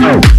go.